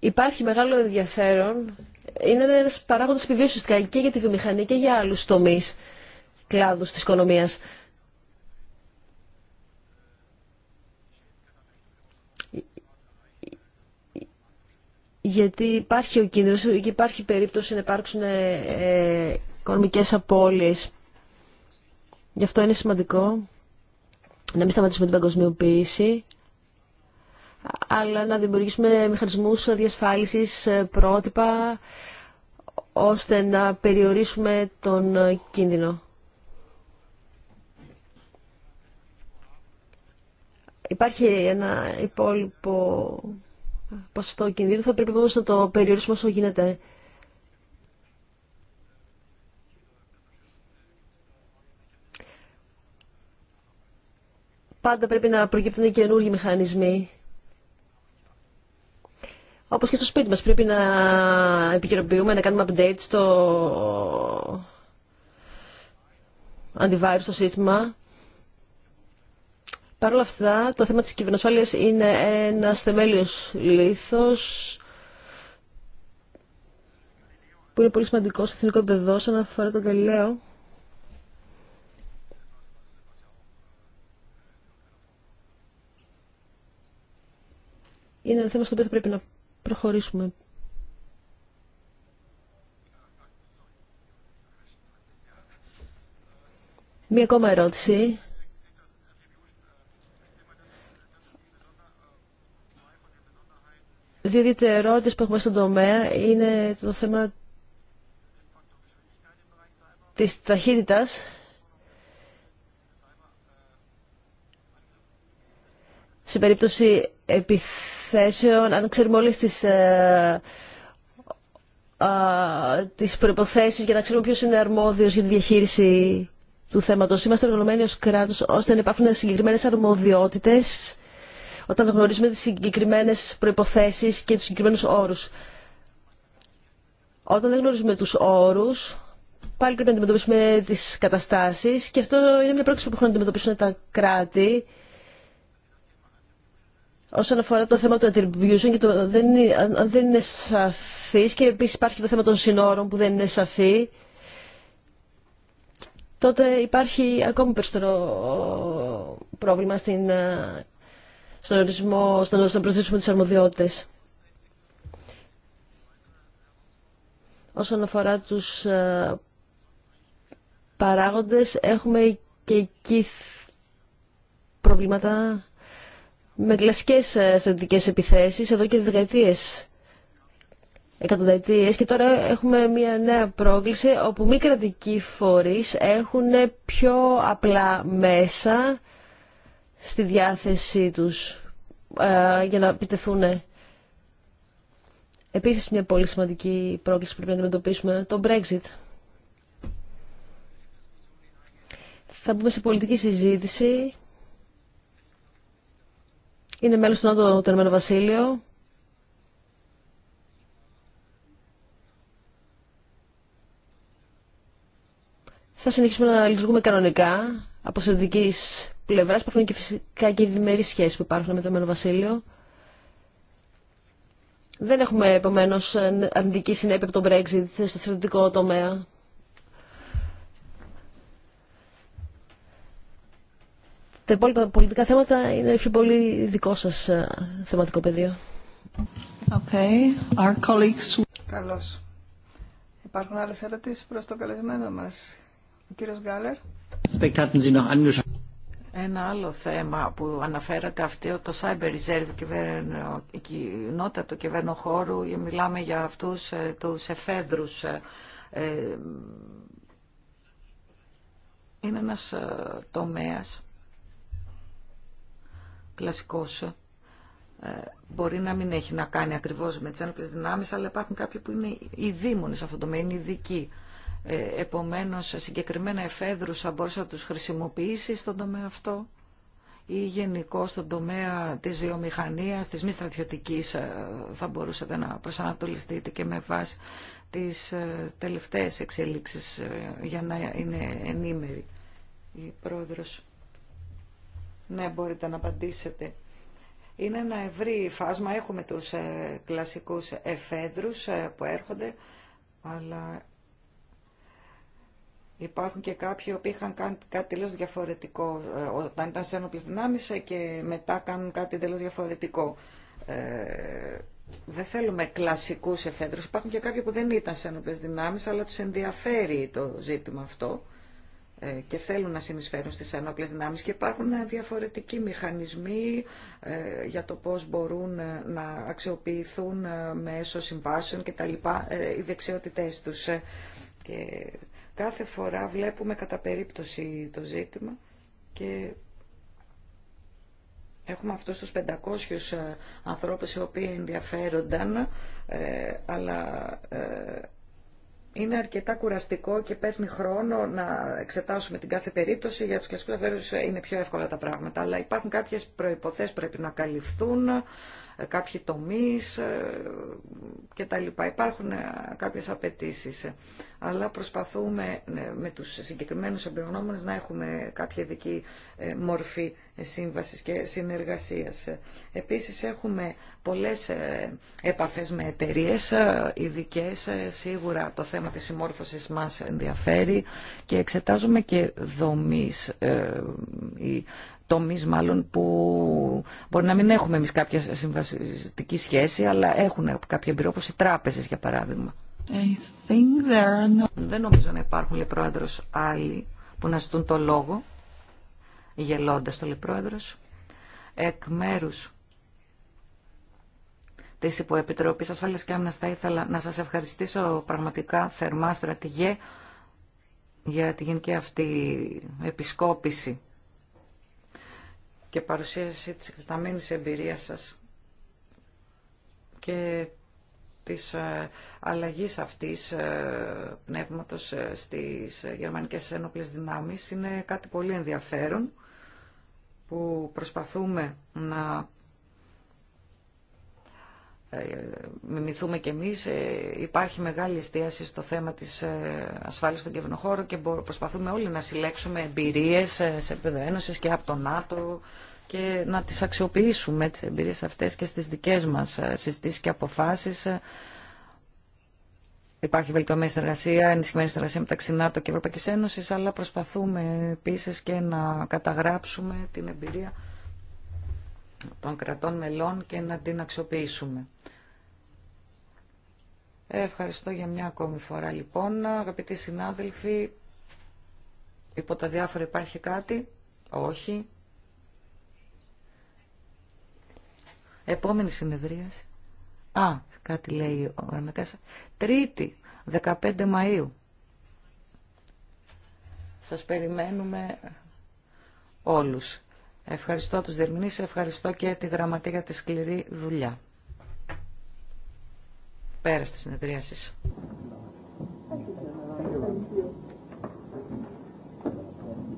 Υπάρχει μεγάλο ενδιαφέρον. Είναι ένα παράγοντα επιβίωση και για τη βιομηχανία και για άλλου τομεί κλάδου τη οικονομία. γιατί υπάρχει ο κίνδυνος και υπάρχει περίπτωση να υπάρξουν ε, οικονομικές απώλειες. Γι' αυτό είναι σημαντικό να μην σταματήσουμε την παγκοσμιοποίηση αλλά να δημιουργήσουμε μηχανισμούς διασφάλισης ε, πρότυπα ώστε να περιορίσουμε τον ε, κίνδυνο. Υπάρχει ένα υπόλοιπο ποσοστό κινδύνου, θα πρέπει όμως να το περιορίσουμε όσο γίνεται. Πάντα πρέπει να προκύπτουν καινούργιοι μηχανισμοί. Όπω και στο σπίτι μας πρέπει να επικαιροποιούμε, να κάνουμε update στο αντιβάρου στο σύστημα. Παρ' όλα αυτά, το θέμα της κυβερνοσφάλειας είναι ένας θεμέλιος λίθος που είναι πολύ σημαντικό σε εθνικό επίπεδο σαν αφορά τον Γαλιλαίο. Είναι ένα θέμα στο οποίο θα πρέπει να προχωρήσουμε. Μία ακόμα ερώτηση. τα ερώτηση που έχουμε στον τομέα είναι το θέμα της ταχύτητας σε περίπτωση επιθέσεων, αν ξέρουμε όλες τις, ε, τις προϋποθέσεις για να ξέρουμε ποιος είναι αρμόδιος για τη διαχείριση του θέματος. Είμαστε οργανωμένοι ως κράτος ώστε να υπάρχουν συγκεκριμένες αρμοδιότητες όταν γνωρίζουμε τις συγκεκριμένες προϋποθέσεις και τους συγκεκριμένους όρους. Όταν δεν γνωρίζουμε τους όρους, πάλι πρέπει να αντιμετωπίσουμε τις καταστάσεις και αυτό είναι μια πρόκληση που έχουν να αντιμετωπίσουν τα κράτη όσον αφορά το θέμα του attribution, και το, δεν, είναι, δεν είναι σαφής και επίσης υπάρχει το θέμα των συνόρων που δεν είναι σαφή, τότε υπάρχει ακόμη περισσότερο πρόβλημα στην, ε, στον ορισμό, στο να προσθέσουμε τις αρμοδιότητες. Όσον αφορά τους ε, παράγοντες, έχουμε και εκεί προβλήματα με κλασικέ ε, στρατιωτικέ επιθέσεις εδώ και δεκαετίε. εκατονταετίες και τώρα έχουμε μια νέα πρόκληση όπου μη κρατικοί φορείς έχουν πιο απλά μέσα στη διάθεσή τους ε, για να επιτεθούν. Επίσης μια πολύ σημαντική πρόκληση που πρέπει να αντιμετωπίσουμε, το Brexit. Θα μπούμε σε πολιτική συζήτηση είναι μέλο του ΝΑΤΟ του Ηνωμένο Βασίλειο. Θα συνεχίσουμε να λειτουργούμε κανονικά από συνδική πλευρά. Υπάρχουν και φυσικά και διμερεί σχέσει που υπάρχουν με το Ηνωμένο Βασίλειο. Δεν έχουμε επομένω ε, αρνητική συνέπεια από τον Brexit στο στρατιωτικό τομέα. Τα υπόλοιπα πολιτικά θέματα είναι πιο πολύ δικό σα ε, θεματικό πεδίο. Okay. Our colleagues...
Καλώς. Υπάρχουν άλλες ερωτήσεις προς το καλεσμένο μας. Ο κύριος Γκάλερ. Ένα άλλο θέμα που αναφέρατε
αυτό το cyber reserve, η κοινότητα του κυβέρνου χώρου, μιλάμε για αυτούς ε, τους εφέδρους. Ε, είναι ένας τομέας κλασικός ε, μπορεί να μην έχει να κάνει ακριβώς με τις ένοπλες δυνάμεις, αλλά υπάρχουν κάποιοι που είναι οι δήμονες σε αυτό το τομέα, είναι ειδικοί. Ε, επομένως, συγκεκριμένα εφέδρους θα μπορούσε να τους χρησιμοποιήσει στον τομέα αυτό ή γενικώ στον τομέα της βιομηχανίας, της μη στρατιωτικής ε, θα μπορούσατε να προσανατολιστείτε και με βάση τις ε, τελευταίες εξελίξεις για να είναι ενήμεροι η πρόεδρος. Ναι, μπορείτε να απαντήσετε. Είναι ένα ευρύ φάσμα. Έχουμε τους ε, κλασικούς εφέδρους ε, που έρχονται, αλλά υπάρχουν και κάποιοι που είχαν κάνει κάτι τελείως διαφορετικό ε, όταν ήταν σε ένοπλες δυνάμεις ε, και μετά κάνουν κάτι τελείως διαφορετικό. Δεν θέλουμε κλασικούς εφέδρους. Υπάρχουν και κάποιοι που δεν ήταν σε ένοπλες δυνάμεις, αλλά τους ενδιαφέρει το ζήτημα αυτό. Ε, και θέλουν να συνεισφέρουν στις ενόπλες δυνάμεις και υπάρχουν διαφορετικοί μηχανισμοί ε, για το πώς μπορούν ε, να αξιοποιηθούν μέσω συμβάσεων και τα λοιπά οι δεξιότητές τους. Και κάθε φορά βλέπουμε κατά περίπτωση το ζήτημα και Έχουμε αυτούς τους 500 ανθρώπους οι οποίοι ενδιαφέρονταν, αλλά είναι αρκετά κουραστικό και παίρνει χρόνο να εξετάσουμε την κάθε περίπτωση. Για τους κλασικού αφαίρου είναι πιο εύκολα τα πράγματα. Αλλά υπάρχουν κάποιες προϋποθέσεις που πρέπει να καλυφθούν κάποιοι τομείς ε, λοιπά Υπάρχουν ε, κάποιες απαιτήσει. Αλλά προσπαθούμε ε, με τους συγκεκριμένους εμπειρογνώμονες να έχουμε κάποια ειδική μορφή σύμβασης και συνεργασίας. Επίσης έχουμε πολλές επαφές με εταιρείε ειδικέ. Σίγουρα το θέμα της συμμόρφωσης μας ενδιαφέρει και εξετάζουμε και δομής Τομεί, μάλλον που μπορεί να μην έχουμε εμεί κάποια συμβασιστική σχέση, αλλά έχουν κάποια εμπειρία, όπω οι τράπεζες για παράδειγμα. I think there are no... Δεν νομίζω να υπάρχουν, λέει άλλοι που να ζητούν το λόγο, γελώντα το λέει εκ μέρου τη Υποεπιτροπή Ασφάλειας και Άμυνα, θα ήθελα να σας ευχαριστήσω πραγματικά θερμά στρατηγέ για τη γενική αυτή επισκόπηση και παρουσίαση της εκτεταμένης εμπειρίας σας και της ε, αλλαγής αυτής ε, πνεύματος ε, στις γερμανικές ένοπλες δυνάμεις είναι κάτι πολύ ενδιαφέρον που προσπαθούμε να ε, μιμηθούμε κι εμείς, ε, υπάρχει μεγάλη εστίαση στο θέμα της ε, ασφάλειας στον κυβερνοχώρο και προσπαθούμε όλοι να συλλέξουμε εμπειρίες σε επίπεδο ένωσης και από το ΝΑΤΟ και να τις αξιοποιήσουμε τις εμπειρίες αυτές και στις δικές μας συζητήσεις και αποφάσεις. Υπάρχει βελτιωμένη συνεργασία, ενισχυμένη συνεργασία μεταξύ ΝΑΤΟ και Ευρωπαϊκή Ένωση, αλλά προσπαθούμε επίσης και να καταγράψουμε την εμπειρία των κρατών μελών και να την αξιοποιήσουμε. Ευχαριστώ για μια ακόμη φορά λοιπόν. Αγαπητοί συνάδελφοι, υπό τα διάφορα υπάρχει κάτι. Όχι. Επόμενη συνεδρίαση. Α, κάτι λέει ο Γραμματέας. Τρίτη, 15 Μαΐου. Σας περιμένουμε όλους. Ευχαριστώ τους Δερμηνείς, ευχαριστώ και τη Γραμματεία για τη σκληρή δουλειά. Πέρα τη
συνεδρίαση.